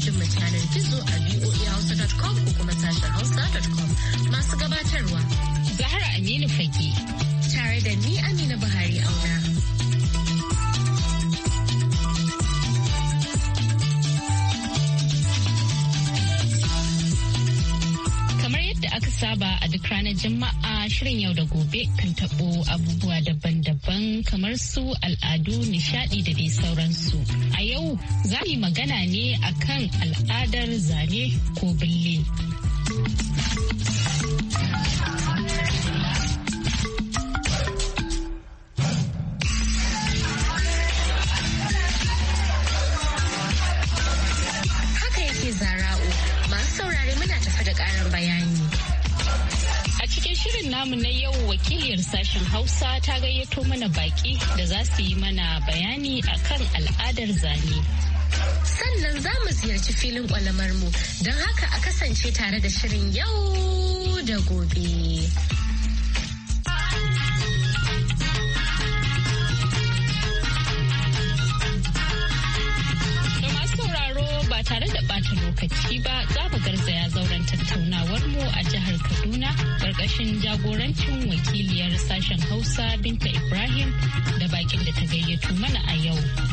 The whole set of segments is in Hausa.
talabijin mu ta yanar gizo a voahausa.com ko kuma sashen hausa.com masu gabatarwa. Zahra Aminu Fage. Tare da ni Amina Buhari auna. Kamar yadda aka saba a duk ranar Juma'a shirin yau da gobe kan taɓo abubuwa daban-daban kamar su al'adu, nishaɗi da dai sauransu. A yau za mu yi magana ne akan al'adar zane ko bille. shirin namu na yau wakiliyar sashen Hausa ta gayyato mana baki da za su yi mana bayani akan al'adar zane. Sannan za mu ziyarci filin mu don haka a kasance tare da shirin yau da gobe. lokaci ba za mu garzaya zauren tattaunawar mu a jihar Kaduna ƙarƙashin jagorancin wakiliyar sashen Hausa Binta Ibrahim da bakin da ta gayyato mana a yau.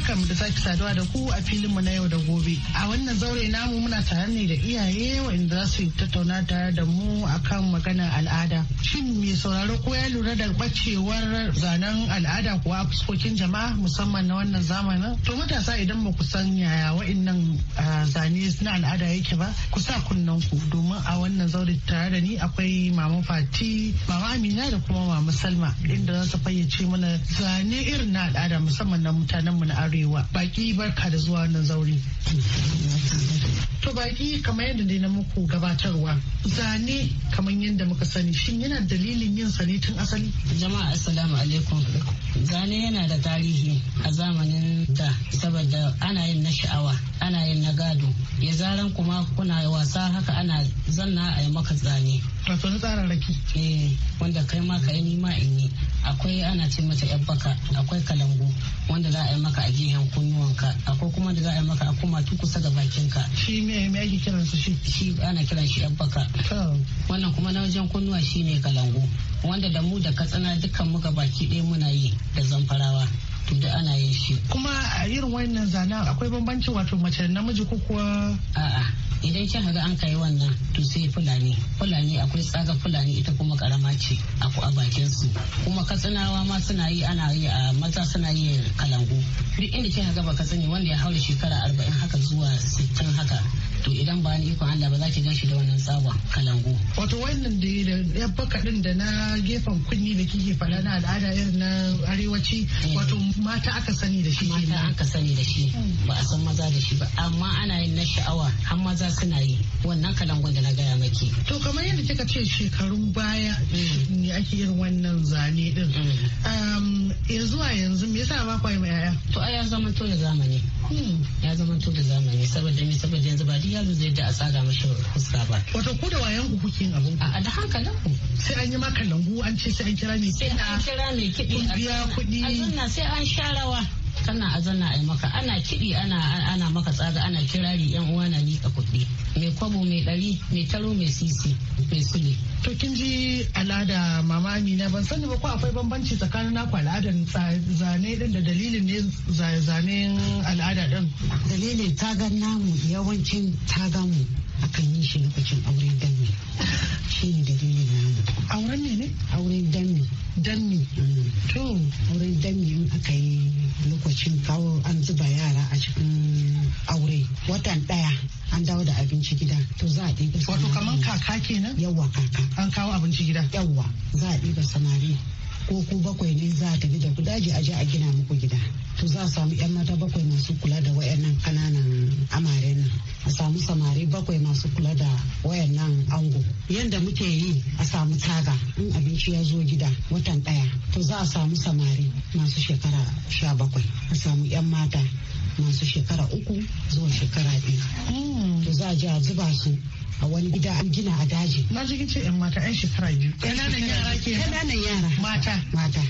barkamu da sake saduwa da ku a filin mu na yau da gobe. A wannan zaure namu muna tare ne da iyaye waɗanda za su tattauna tare da mu akan maganar al'ada. Shin mai sauraro ko ya lura da bacewar zanen al'ada kuwa a fuskokin jama'a musamman na wannan zamanin? To matasa idan ba ku san yaya waɗannan zane na al'ada yake ba ku sa kunnen ku domin a wannan zaure tare da ni akwai mama fati mama amina da kuma mama salma inda za su fayyace mana zane irin na al'ada musamman na mu na arewa baki barka da zuwa wannan zaure To baki kamar yadda dai na muku gabatarwa zane kamar yadda muka sani shin yana dalilin yin sani tun asali? Jama'a assalamu alaikum. Zane yana da tarihi a zamanin da saboda ana yin na sha'awa ana yin na gado ya zaran kuma kuna wasa haka ana zanna a yi maka zane. wato na tsararraki eh wanda kai ma ka yi nima in yi akwai ana ce mata yan baka akwai kalangu wanda za a yi maka a gehen kunnuwanka akwai kuma da za a yi maka a kuma tu kusa ga bakinka shi me me ake kiran su shi shi ana kiran shi yan baka wannan kuma na wajen kunnuwa ne kalangu wanda da mu da katsina dukkan mu ga baki ɗaya muna yi da zamfarawa da ana yin shi. Kuma a irin wannan zana akwai bambancin wato mace namiji ko kuwa? A'a idan kin haga an kai wannan to sai fulani fulani akwai tsaga fulani ita kuma karama ce a bakin su kuma katsinawa ma suna yi ana yi a maza suna yi kalangu duk inda kin haga baka sani wanda ya haura shekara arba'in haka zuwa sittin haka to idan ba ni ikon Allah ba za ki ganshi da wannan tsawa kalangu. Wato wannan da ya baka din da na gefen kunni da kike fara na al'ada irin na arewaci eh. wato mata aka sani da shi. Mata aka sani da shi ba a san maza da shi ba amma ana yin na sha'awa har maza suna yi wannan kalangun da na gaya maki. To kamar yadda kika ce shekarun baya mm. ne ake irin wannan zane din. Mm. Ya zuwa yanzu me yasa ba kwa ma yaya? To ai ya zama to da zamani. Hmm. Ya zama to da zamani saboda me saboda yanzu ba yaro zai da a tsaga mashi fuska ba. Wato ku da wayan ku kuke yin abin A da hankalin ku. Sai an yi maka langu an ce sai an kira ne kiɗa. Sai an kira ne kiɗi. Kun biya kuɗi. A sai an sha rawa. kana a zanna a yi maka ana kiɗi ana ana maka tsaga ana kirari yan uwa na liƙa kuɗi mai kwabo mai ɗari mai taro mai sisi mai sule. to kin ji al'ada mamami na ban sani ba ko akwai bambanci tsakanin naku al'adar zane din da dalilin ne zane al'ada din. dalilin tagar namu yawancin tagar mu akan yi shi lokacin auren danni shi ne dalilin namu auren ne ne auren danni danni hmm. to auren danni in aka yi lokacin kawo an zuba yara a cikin aure watan daya an dawo da abinci gida to za a ɗiba wato kamar kaka kenan yawa kaka an kawo abinci gida yawa za a ɗiba samari ko ku bakwai ne za ta bi da ku daji aje a gina muku gida to za a samu yan mata bakwai masu kula da wayannan kananan amaren nan a samu samari bakwai masu kula da wayannan ango yanda muke yi a samu taga in abinci ya zo gida watan daya to za a samu samari masu shekara sha bakwai a samu yan mata masu shekara uku zuwa shekara biyu hmm. to za a je a zuba su a wani gida an gina a daji na ji ce yan mata yan shekara biyu ƙananan yara ke ƙananan yara mata mata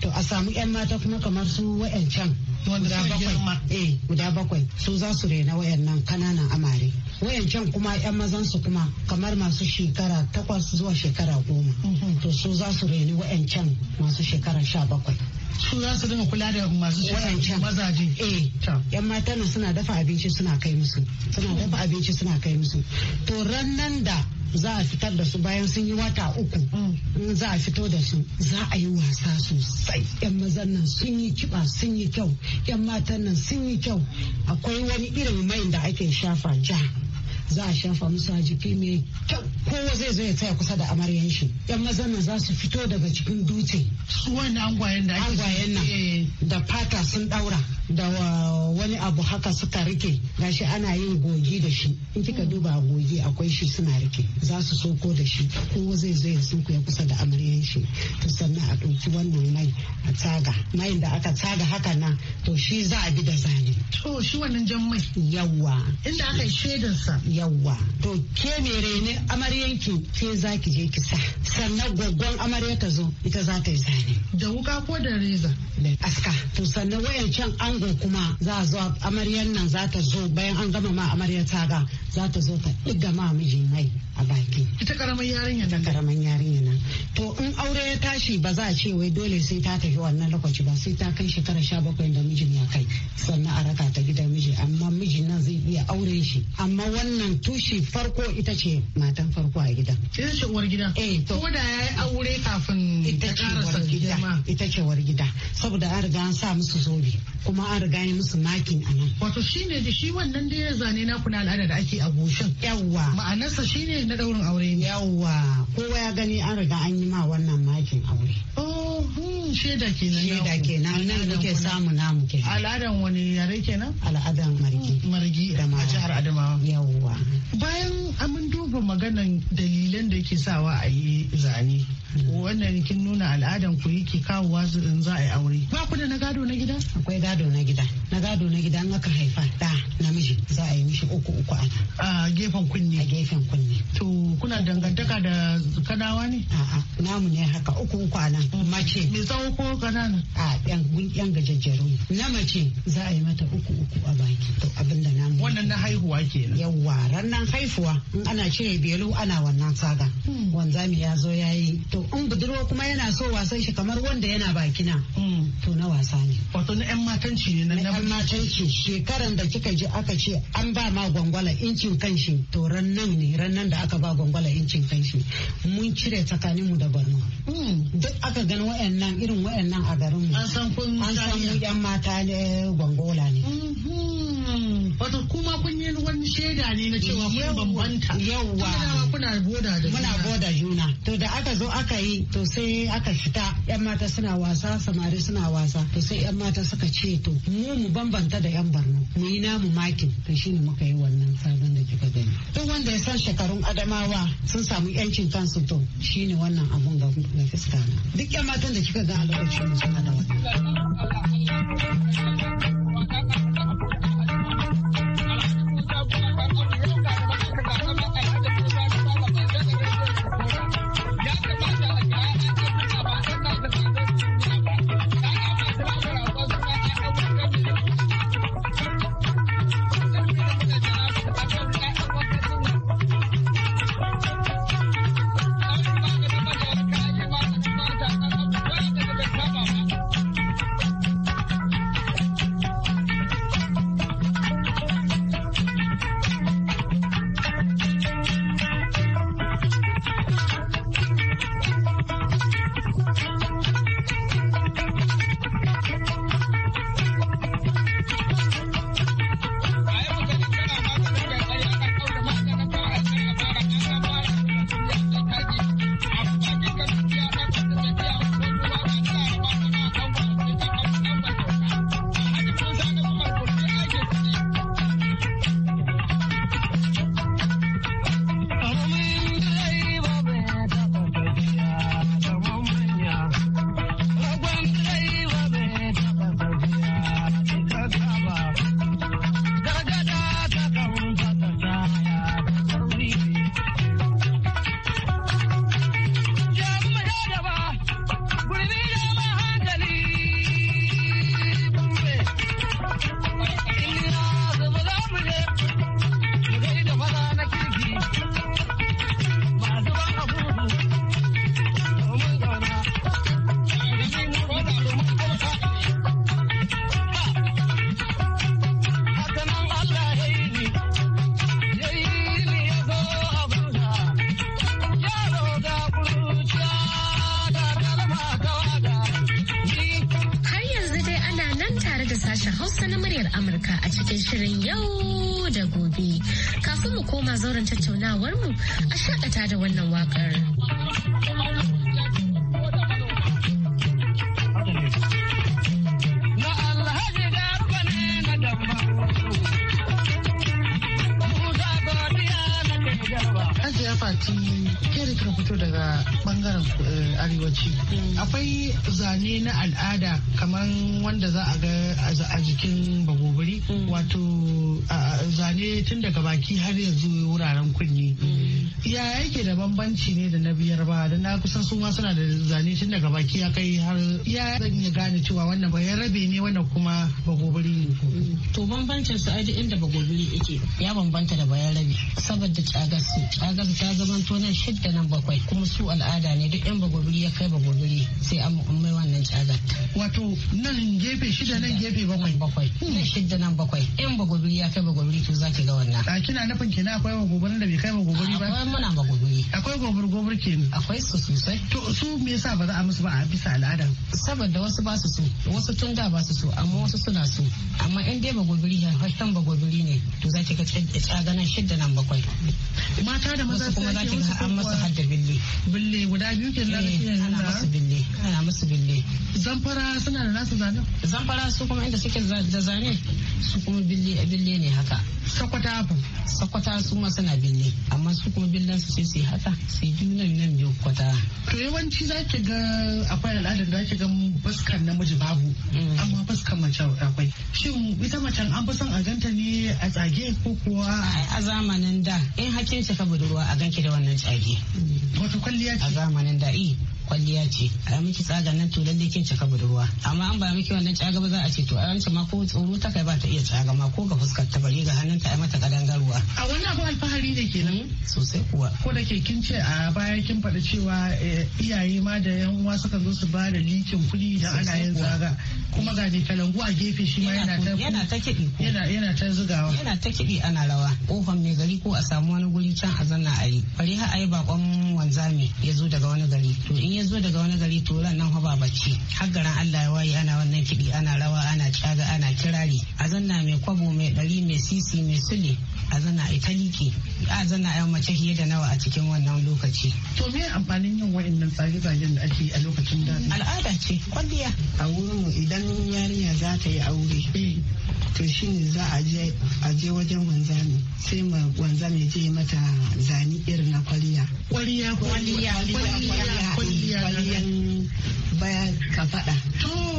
to a samu yan mata kuma kamar su wa'ancan guda bakwai eh guda bakwai su za su rena wayannan ƙananan amare wayancan kuma yan mazan su kuma kamar masu shekara takwas zuwa shekara goma mhm. to su za su reni wayancan masu shekara sha bakwai su za su dinga kula da masu wayancan mazaje eh yan matan suna dafa abinci suna kai musu suna dafa abinci suna kai musu to ran da za a fitar da su bayan sun yi wata uku mm. in za a fito da su za a yi wasa sosai yan mazan nan sun yi kiba sun yi kyau yan matan nan sun yi kyau akwai wani irin mai da ake shafa ja za a shafa musu a jiki mai kyau kowa zai zo ya tsaya kusa da amaryan shi yan mazan nan za su fito daga cikin dutse su wani angwayen da angwayen nan eh. da fata sun daura da wani abu haka suka rike gashi ana yin gogi da shi in kika duba gogi akwai shi suna rike za su soko da shi kowa zai zo ya ya kusa da amaryan shi to sannan a ɗauki wannan mai a tsaga mai da aka tsaga haka nan to shi za a bi da zane to shi wannan jan mai yawa inda aka yi shaidarsa yawwa to ke mere ne amaryan ki ke za ki je ki sa sannan gwaggon amarya ta zo ita za ta yi zane da wuka ko da reza aska to sannan can ango kuma za a zo amaryan nan za ta zo bayan an gama ma amarya ta ga za ta zo ta diga ma miji mai a baki ita karamin yarinya nan karamin yarinya nan to in aure ya tashi ba za a ce wai dole sai ta tafi wannan lokaci ba sai ta kai shekara sha da mijin ya kai sannan a raka ta gidan amma mijin nan zai iya auren shi amma wannan tushe farko ita ce matan farko a gida ita ce uwar gida eh to ko da yayi aure kafin ita ce uwar gida ita ce uwar gida saboda an riga an sa musu zobe kuma an riga yi musu makin a nan wato shine da shi wannan da ya zane na kuna al'ada da ake a goshin yawwa ma'anarsa shine na daurin aure ne yawwa kowa ya gani an riga an yi ma wannan makin aure oh hmm. sheda kenan sheda kenan nan muke samu namu kenan al'adan wani yare kenan al'adan margi margi da a jihar adamawa yawwa bayan amin duba maganan dalilan da ke sawa a yi zane wannan kin nuna al'adan ku yake kawowa in za a yi aure ba ku da na gado na gida akwai gado na gida na gado na gida in aka haifa da namiji za a yi mishi uku uku a gefen kunne a gefen kunne to kuna dangantaka da kadawa ne a'a namu ne haka uku uku a nan mm. mace tsawo ko ƙanana a yan yan gajajjeru na mace za a yi mata uku uku a baki to abin da na wannan na haihuwa ke nan yawa ranar haihuwa ana cire belu ana wannan saga hmm. wanzami ya zo ya yi to in budurwa kuma yana so wasan shi kamar wanda yana bakina hmm. to na wasa ne wato na yan matanci ne na yan matanci shekaran da kika ji aka ce an ba ma gwangwala incin kanshi to ran ne ran da aka ba gwangwala incin kanshi mun cire tsakaninmu da barno hmm. duk aka gani wa'annan irin irin wayannan a garin an san kun mu yan mata ne gwangola ne mhm. wato kuma kun yi wani shaida ne na cewa mun bambanta yawwa kuna boda da muna boda juna to da aka zo aka yi to sai aka fita yan mata suna wasa samari suna wasa to sai yan mata suka ce to mu mu bambanta da yan barno mu yi namu makin to shine muka yi wannan sabon da kika gani duk wanda ya san shekarun adamawa sun samu yancin kansu to shine wannan abun ga fuska na duk yan matan da kika ga a lokacin suna da wannan Amurka a cikin shirin yau da gobe. Kafin mu koma zauren tattaunawar mu a shakata da wannan wakar. Fati fito daga bangaren eh, arewaci. Akwai zane na al'ada kamar wanda za a ga a jikin bagobiri mm. wato zane tun daga baki har yanzu wuraren kunne mm. ya yake da bambanci ne da na biyar ba da na kusan suma suna da zane shi daga baki ya kai har ya zan iya gane cewa wannan ba ya rabe ne wannan kuma bagobiri ne to bambancin su ai inda bagobiri yake ya bambanta da bayan rabe saboda cagas cagas ta zama to nan shidda nan bakwai kuma su al'ada ne duk yan bagobiri ya kai bagobiri sai an mai wannan cagas wato nan gefe shida nan gefe bakwai bakwai hmm. nan shidda nan bakwai yan bagobiri ya kai bagobiri to zaki ga wannan a kina nufin kina akwai bagobirin da bai kai bagobiri ba muna ma Akwai gobir gobir kenan. Akwai su sosai. To su me yasa ba za a musu ba a bisa al'ada? Saboda wasu ba su so, wasu tun da ba su so, amma wasu suna so. Amma in dai ba ne ya hashtan ba gobiri ne, to za ki ga tsaganan shidda nan bakwai. Mata da maza kuma za ki ga an masa hadda bille. Bille guda biyu ke eh, za ana masu bille, ana masu bille. Zamfara suna da nasu zane? Zamfara su kuma inda suke da zane su kuma bille ne haka. Sakwata ba. Sakwata su ma suna bille, amma su kuma bille kudin nasu sai su haka su yi nan nan yau kwata. To yawanci za ki ga akwai al'adar da ake ga baskan namiji babu mm. amma baskan mace akwai. Shin ita macen an fi son a ganta ne a tsage ko kuwa? A zamanin da in hakin ka budurwa a ganki da wannan tsage. Wata kwalliya ce. A zamanin da eh. kwalliya ce a miki tsaga nan to lalle kin cika budurwa amma an ba miki wannan caga ba za a ce to a ma ko tsoro ta kai ba ta iya caga ma ko ga fuskar ta bare ga hannunta ai mata kadangarwa a wannan abu alfahari ne kenan hmm, sosai kuwa ko da ke kin ce a baya kin faɗi cewa eh, iyaye ma da yan uwa suka zo su ba da likin kuɗi da ana yin tsaga kuma ga kalangu a gefe shi ma yana ta yana ta kiɗi yana ta zugawa yana ta kiɗi ana rawa kofar mai gari ko a samu wani guri can a zanna a yi bari har a yi bakon wanzami ya zo daga wani gari to ya zo daga wani gari to ran nan ba bacci har garan Allah ya waye ana wannan kidi ana rawa ana caga ana kirari a zanna mai kwabo mai ɗari mai sisi mai sule a zanna a ta a zanna a mace fiye da nawa a cikin wannan lokaci. To me amfanin yin wa'annan tsage-tsagen da ake a lokacin da? Al'ada ce kwalliya. A wurin idan yarinya za ta yi aure. Eh. to shine za a je a je wajen wanzami sai ma wanzami je mata zani irin na Kwalliya kwalliya kwalliya kwalliya. waliyan hannu ka kafada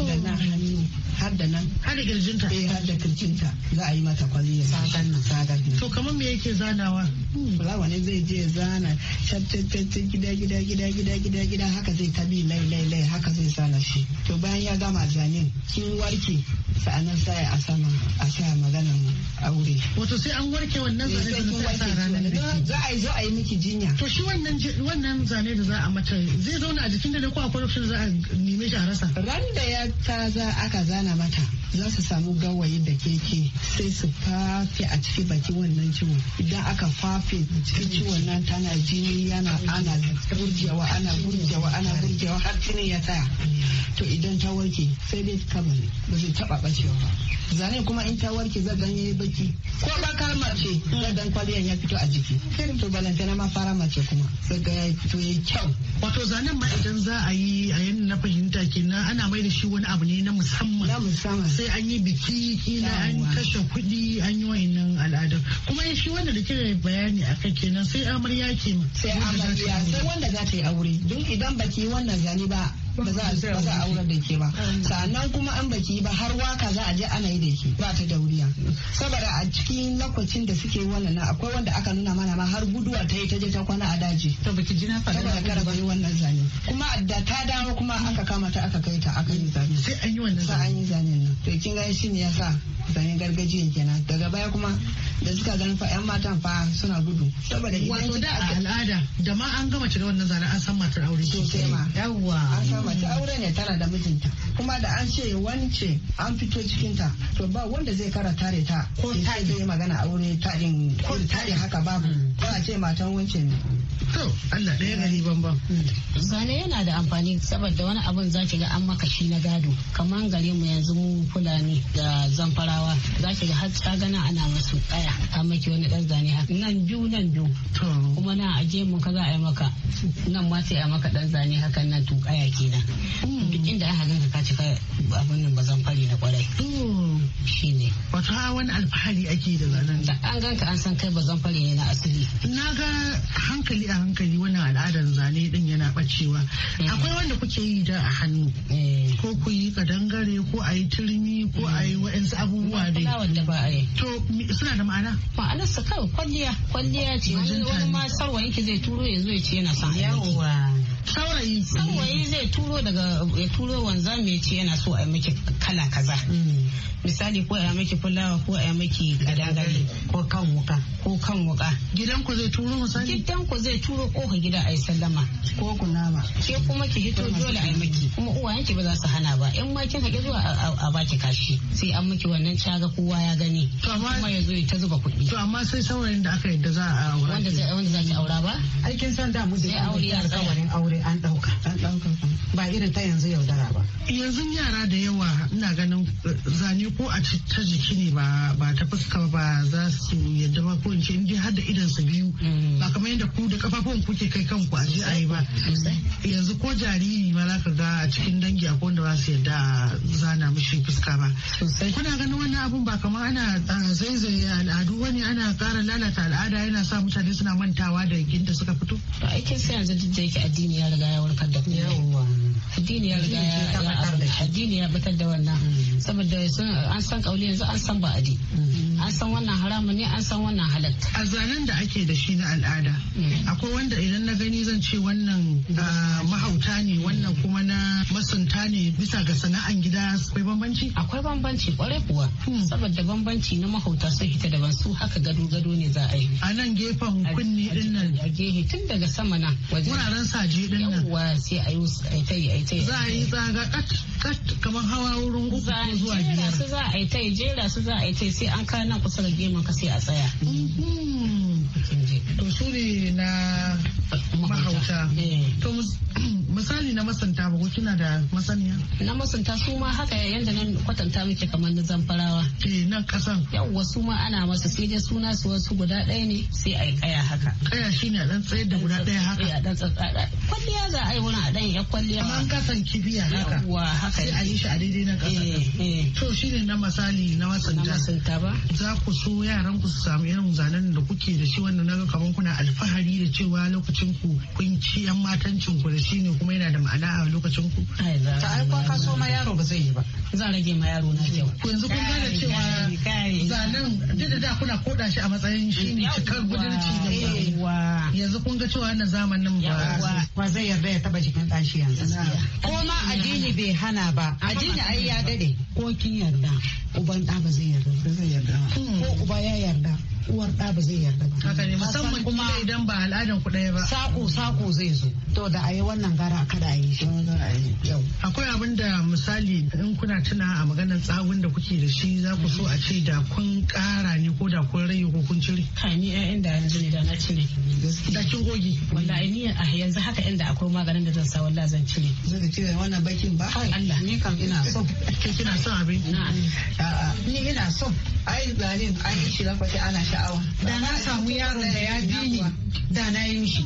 da nan hannu har da nan har da kirjinta eh har da kirjinta za a yi mata kwalliya sagan nan sagan nan to kamar me yake zanawa hmm, fulawa ne zai je zana shaftattattun gida gida gida gida gida gida haka zai tabi lai lai lai haka zai zana shi to bayan ya gama zanin kin warke sa'anan sai a sama a sa maganan aure wato sai an warke wannan eh, zane da za a ranar za a yi za a yi miki jinya to shi wannan zane da za a mata zai zauna a jikin da ne ko akwai shin za a nemi shi a rasa ran da ya ta za aka zana mata za su samu gawayi da keke sai su fafe a cikin baki wannan ciwon idan aka fafe cikin ciwon nan tana jini yana ana gurjewa ana gurjewa ana gurjewa har jini ya tsaya to idan ta warke sai dai ne ba zai taba bacewa ba zane kuma in ta warke za dan yayi baki ko baka mace zai dan kwaliyan ya fito a jiki to balance na ma fara mace kuma sai ga ya fito yayi kyau wato zanen ma idan za a yi a yanda na fahimta kenan ana mai da shi wani abu ne na musamman na musamman sai an yi biki kila an kashe kuɗi an yi wa'annan al'adar kuma shi wanda da kira bayani a kai kenan sai amarya ke sai amarya sai wanda za ta yi aure don idan baki wannan zane ba ba za a aure da ke ba sannan kuma an baki ba har waka za a je ana yi da ke ba ta dauriya saboda a cikin lokacin da suke wannan akwai wanda aka nuna mana ma har guduwa ta yi ta je ta kwana a daji to baki jina fa da saboda kada yi wannan zane kuma da ta dawo kuma aka kama ta aka kai ta aka yi zane sai an yi wannan sa an yi zane nan to kin ga shi ne yasa zanen gargajiyan kenan daga baya kuma da suka gani fa yan matan fa suna gudu saboda wato da al'ada da ma an gama cire wannan zane an san matar aure sai ma yawa an san matar aure ne tana da mijinta kuma da an ce wani ce an fito cikin ta to ba wanda zai kara tare ta ko ta yi magana aure din ko tarin haka babu ba a ce matan ne. Allah ɗaya gari bambam. Zane yana da amfani saboda wani abun za ki ga an maka shi na gado. Kamar gare mu yanzu mu Fulani da Zamfarawa za ki ga har gana ana masu ɗaya a maki wani ɗan zane a. Nan biyu nan biyu. Kuma na aje mu ka za a yi maka. Nan ma sai a maka ɗan zane hakan nan tu kaya kenan. Hmm. Duk inda aka ganka ka cika abun nan ba zamfari na kwarai. Shi ne. Wato ha wani alfahari ake da zanen. Da an ganka an san kai ba zamfari ne na asali. Na ga hankali hankali a hankali wani al'adar zane din yana bacewa mm. akwai wanda kuke yi da a hannu mm. ko ku yi kadangare ko a yi turmi ko a yi wa'insu abubuwa dai to suna da ma'ana ma'anar sa kawai kwalliya kwalliya ce wani ma sarwa yake zai turo ya zo ya ce yana sa yawa saurayi saurayi zai turo daga ya turo wanzan mai ce yana so a yi miki kala kaza mm. misali ko a miki fulawa ko a miki kadangare ko kan wuka ko kan wuka gidan ku zai turo misali gidan ku zai turo kofa gida a yi sallama ko ku nama ke kuma ki hito dole a yi miki kuma ki ba za su hana ba in ma kin haƙi zuwa a baki kashi sai an miki wannan caga kowa ya gani kuma ya zo ta zuba kuɗi to amma sai saurayin da aka yadda za a aura wanda za a aura ba aikin san da mu sai aure ya alƙawarin aure aure an ɗauka. An ɗauka Ba irin ta yanzu yaudara ba. Yanzu yara da yawa ina ganin eh, zane ko a ta jiki ne ba ta fuska ba za su yadda ko in ce in har da idan su biyu mm. ba kamar yadda ku da kafafun kuke kai kanku a je a yi ba yanzu ko jariri ma za ka ga a cikin dangi akwai wanda ba su za zana mishi fuska ba kuna ganin wannan abun ba kamar ana zaizaye al'adu wani ana ƙara lalata al'ada yana sa mutane suna mantawa da inda suka fito Ba aikin sai yanzu duk da yake addini ya riga ya warkar da kuma addini ya riga ya addini ya batar da wannan mm. saboda an san kauli yanzu an san ba'adi mm. an san wannan haramun ne an san wannan halatta a zanen da ake da shi na al'ada mm. akwai wanda idan na gani zan ce wannan mm. ah, mahauta ne wannan kuma na masunta ne bisa ga sana'an gida akwai bambanci akwai bambanci kwarai kuwa hmm. saboda bambanci na mahauta sun fita daban su haka gado gado ne za a yi a nan gefen kunni din nan a gehe tun daga sama nan wuraren saje din nan yawwa sai a yi aitai aitai za a yi tsaga kat kat kamar hawa wurin uku zuwa biyar za a yi jera su za a yi yi sai an kana kusa da geman ka sai a tsaya Mm-hmm. to su ne na mahauta eh. to misali na masanta ba kina da masaniya na masanta su ma haka yanda nan kwatanta muke kamar na zamfarawa eh nan kasan yawa su ma ana masa sai dai suna su wasu guda ɗaya ne sai ai kaya haka kaya shine a dan tsayar da guda ɗaya haka eh, a dan tsatsada kwalliya za a yi wurin a dan ya kwalliya kamar kasan kibiya haka wa haka sai a yi shi a daidai na kasan eh, eh. to shine na misali na masanta na masanta ba za ku so yaran ku su samu irin zanen da kuke da shi wanda naga kamar kuna alfahari da cewa lokacin ku kun ci yan matancin ku da shi ne kuma yana da ma'ana a lokacin ku ta aiko ka so ma yaro ba zai yi ba zan rage ma yaro na kyau Ku yanzu kun gane cewa zanen duk da da kuna koda shi a matsayin shi ne cikar budurci da ba. yanzu kun ga cewa wannan zamanin ba ba zai yarda ya taba jikin ɗashi yanzu ko ma addini bai hana ba addini ai ya dade ko kin yarda uban ɗa ba zai yarda ko uba ya yarda uwar ɗa ba zai yarda ba. Haka ne musamman kuma idan ba al'adan ku ɗaya ba. Sako sako zai zo. To da a yi wannan gara kada a yi shi. Akwai abin da misali in kuna tuna a maganar tsawon da kuke da shi za ku so a ce da kun ƙara ne ko da kun rage ko kun cire. Ka ni ƴaƴan inda yanzu ne da na cire. Da kin goge. Wallahi ni a yanzu haka inda akwai maganin da zan sa wallahi zan cire. Zan cire wannan bakin ba? Allah. Ni kam ina so. Kina son abin? A'a. Ni ina so. Ai zalin ai shi lafafi ana shi sha'awa da na samu yaron da ya bi ni da na yi mishi.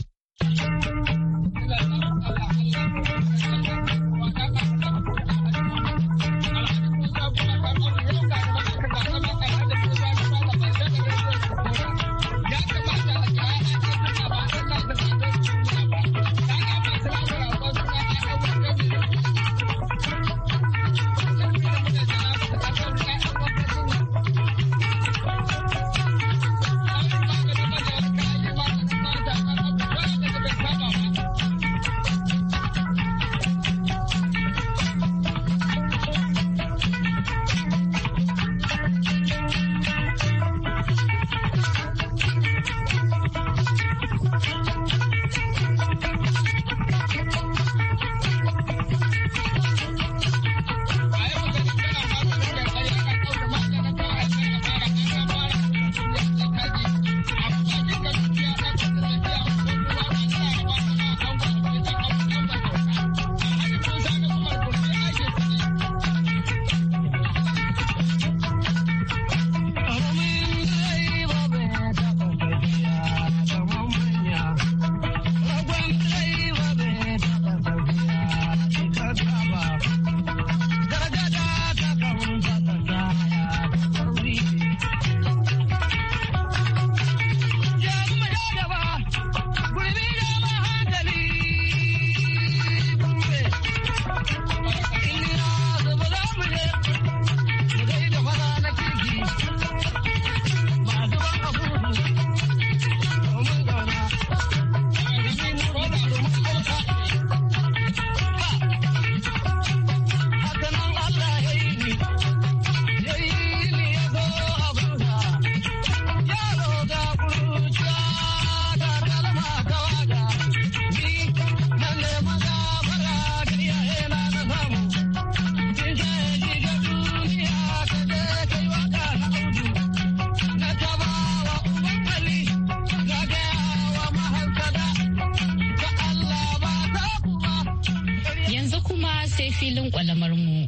filin kwalamar mu.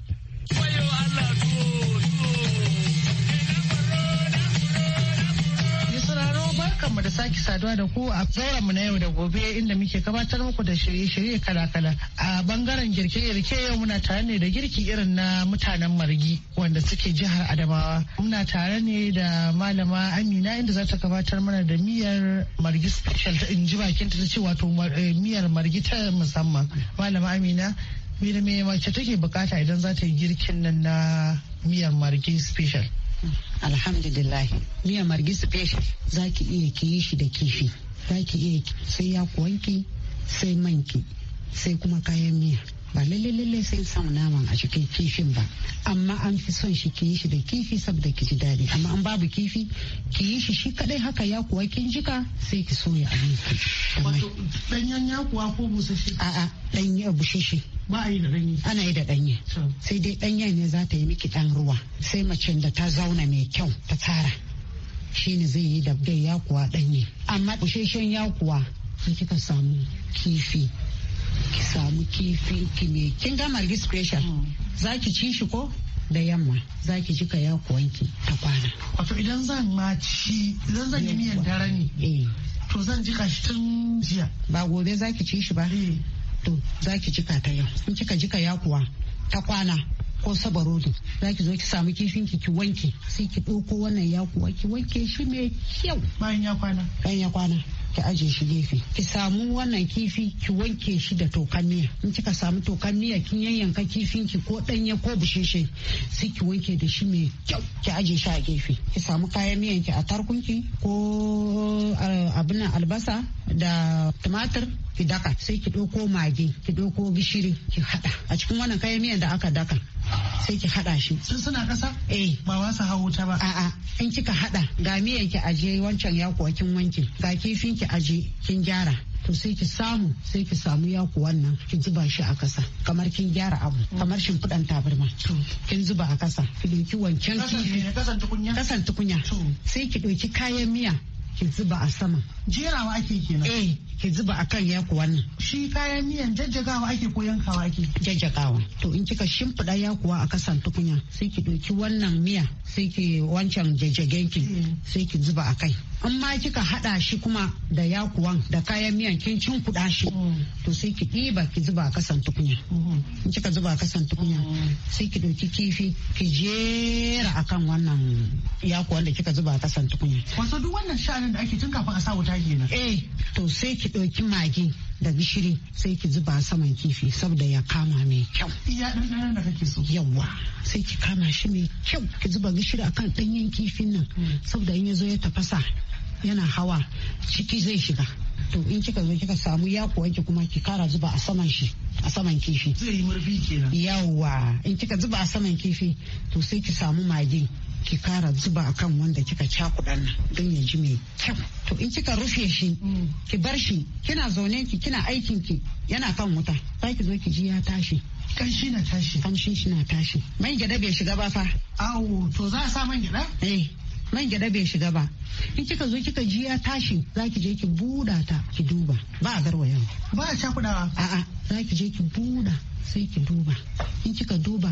mu da sake saduwa da ku a zauren mu na yau da gobe inda muke gabatar muku da shirye-shirye kala-kala a bangaren girke-girke yau muna tare ne da girki irin na mutanen margi wanda suke jihar adamawa muna tare ne da malama amina inda za ta gabatar mana da miyar margi special in ji bakinta ta ce wato eh, miyar margi ta musamman malama amina me me mace take bukata idan za ta yi girkin nan na miyan margi special alhamdulillah miyan margi special za ki iya ki yi shi da kifi za ki iya sai ya kuwanki sai manki sai kuma kayan miya ba lalle lalle sai samu naman a cikin kifin ba amma an fi son shi ki yi shi da kifi saboda ki ji daɗi amma an babu kifi ki yi shi shi kadai haka ya kuwa kin jika sai ki soya a nan wato danyen ya kuwa ko busasshe a'a danyen busasshe ba a yi da ɗanye. Ana yi da ɗanye. Sai dai ɗanyen ne za ta yi miki ɗan ruwa. Sai macen da ta zauna mai kyau ta tsara. Shi ne zai yi da kuwa ɗanye. Amma busheshen kuwa sai kika samu kifi ki samu kifin ki me kin ga margi special za ki ci shi ko da yamma za ki jika ya kuwanki ta kwana. Wato idan zan ma ci idan zan yi miyan dare ne. Eh. To zan ji shi tun jiya. Ba gobe za ki ci shi ba. Eh. To za ki ji ta yau. In kika ka ya kuwa ta kwana ko sabaro za ki zo ki samu kifin ki ki wanke sai ki ɗauko wannan ya kuwa ki wanke shi mai kyau. Bayan ya kwana. Bayan ya kwana. ki aje shi gefe ki samu wannan kifi ki wanke shi da tokan miya in kika samu tokan miya kin yayyanka kifin ki ko danye ko busheshe sai ki wanke da shi mai kyau ki aje shi a gefe ki samu kayan miyan ki a tarkunki ko eh, abin albasa da tumatir ki daka sai ki ɗauko mage ki ɗauko gishiri ki haɗa a cikin wannan kayan miyan da aka daka sai ki haɗa shi sun suna ƙasa eh ba wasa hawo ta ba a in kika haɗa ga miyan ki aje wancan ya kuwa kin wanke ga kifin ki aje kin gyara to sai ki samu sai ki samu yaku wannan ki zuba shi a kasa kamar kin gyara abu kamar shimfiɗan tabarma kin zuba a kasa ki ɗauki wancan kifi kasan tukunya sai ki ɗauki kayan miya ki zuba a sama. Jerawa ake kenan. Eh, ki zuba a kan yaku wannan. Shi kayan miyan jajjagawa ake ko yankawa ake? Jajjagawa. To in kika shimfiɗa yakuwa a kasan tukunya sai ki ɗauki wannan miya sai ki wancan jajjagen ki eh. sai ki zuba a kai. In ma kika haɗa shi kuma da yakuwan da kayan miyan kin cin kuɗa shi. Oh. To sai ki ɗiba ki zuba a kasan tukunya. Oh. In kika zuba a kasan tukunya oh. sai ki ɗauki kifi ki jera a kan wannan yakuwan da kika zuba a kasan tukunya. Wato duk wannan sha'ani nan da ake tun kafin a sa wuta kenan eh to sai ki ɗauki magi da gishiri sai ki zuba saman kifi saboda ya kama mai kyau iya ɗanɗanon da kake so yawa sai ki kama shi mai kyau ki zuba gishiri akan ɗanyen kifin nan mm. saboda in ya zo ya tafasa yana hawa ciki zai shiga to in kika zo kika samu yakuwan ki kuma ki kara zuba a saman shi a saman kifi zai yi murfi kenan yawa in kika zuba a saman kifi to sai ki samu magi. ki kara zuba a kan wanda kika cakuɗa nan don ya ji mai kyau to in kika rufe shi mm. ki bar shi kina zaune ki kina aikin ki yana kan wuta za ki zo ki ji ya tashi kanshi na tashi kanshi shi na tashi man gyada bai shiga ba fa awo to za a sa man gyada eh man gyada bai shiga ba in kika zo kika ji ya tashi za ki je ki buda ta ki duba ba a yau. ba a cakudawa a'a za ki je ki buda sai ki duba in kika duba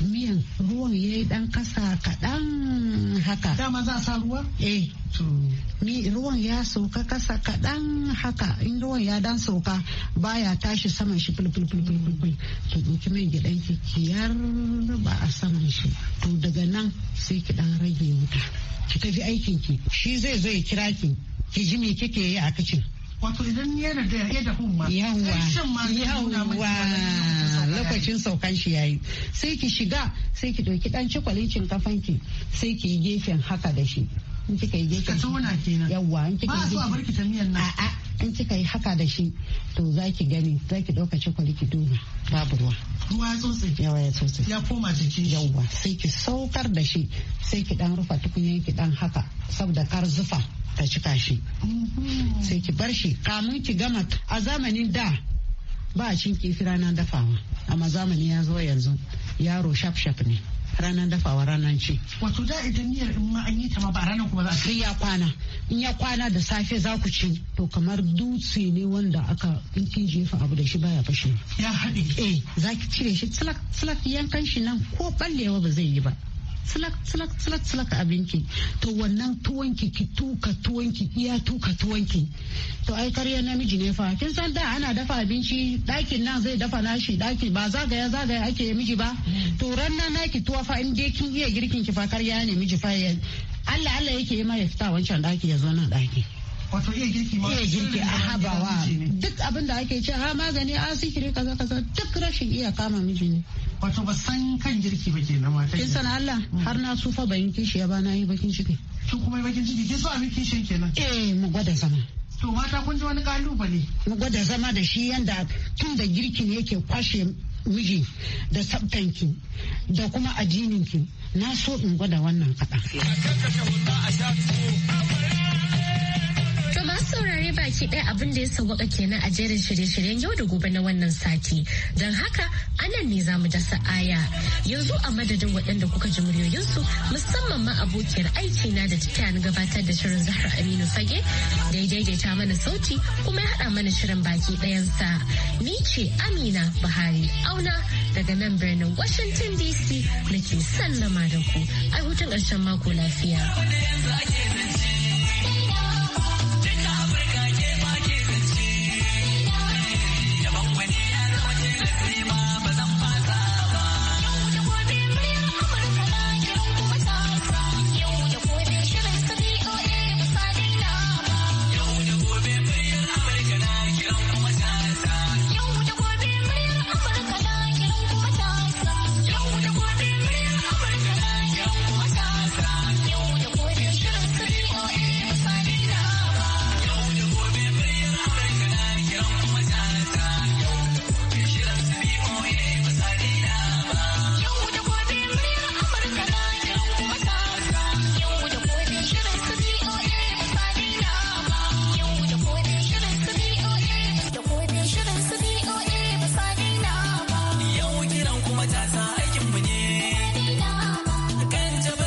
miyan ruwan ya yi dan kasa kaɗan haka dama za a sa ruwa eh ruwan ya sauka kasa kaɗan haka in ruwan ya dan sauka baya tashi saman shi fulfulfulfulful to mai gidan ki kiyar ba a saman shi to daga nan sai ki dan rage wuta ki tafi aikin ki shi zai zo ya kira ki ki ji me kike yi a kicin wato idan ya da huma ma yawwa lokacin saukan shi yayi sai ki shiga sai ki ɗauki ɗan cikwalin kafanki sai ki gefen haka da shi in cika yi gefe ka kenan yi haka da shi to zaki gani zaki dauka cokali ki duba babu ruwa ruwa tsotse yawa ya tsotse ya koma jikin yawa sai ki saukar da shi sai ki dan rufa tukunyan ki dan haka saboda kar zufa ta cika shi mhm. sai ki bar shi kamun ki gama a zamanin da ba a cin kifi ranar dafawa amma zamani ya zo yanzu yaro shaf shaf ne ranar dafawa ranar ce. Wato da idan miyar in ma an yi ta ma ba ranar kuma za a ya kwana. In ya kwana da safe za ku ci. To kamar dutse ne wanda aka in kin jefa abu da shi baya fashe. Ya haɗe. Eh za ki cire shi tsalak tsalak yankan shi nan ko ballewa ba zai yi ba. silak silak silak silak abinki to wannan tuwanki ki tuka tuwanki iya tuka tuwanki to ai karya namiji ne fa kin san da ana dafa abinci ɗakin nan zai dafa nashi ɗaki ba zagaya zagaya ake yi miji ba to ranar naki tuwa fa in dai kin iya girkin ki fa karya ne miji fa Allah Allah yake yi ma fita wancan ɗaki ya zo nan ɗaki. wato iya girki ma iya girki a habawa duk abin da ake ce ha magani a sikiri kaza kaza duk rashin iya kama miji ne wato ba san kan girki ba na mata kin san Allah mm. har na tsufa ban yi kishi ba na yi bakin ciki kin kuma yi bakin ciki kin so a miki shin kenan eh mu gwada sama to mata kun ji wani kalubale mu gwada zama da shi yanda tun da girkin yake kwashe miji da sabtanki da kuma ajininki na so in gwada wannan kaɗan. Masu saurare baki ɗaya abin da ya sauwaka kenan a jerin shirye-shiryen yau da gobe na wannan sati. Don haka anan ne za mu dasa aya. Yanzu a madadin waɗanda kuka ji muryoyinsu musamman ma abokiyar aiki na da ta gabatar da shirin Zahra Aminu Fage da ya daidaita mana sauti kuma ya haɗa mana shirin baki ɗayansa. Ni ce Amina Buhari Auna daga nan birnin Washington DC nake sallama da ku. Ai hutun ƙarshen mako lafiya.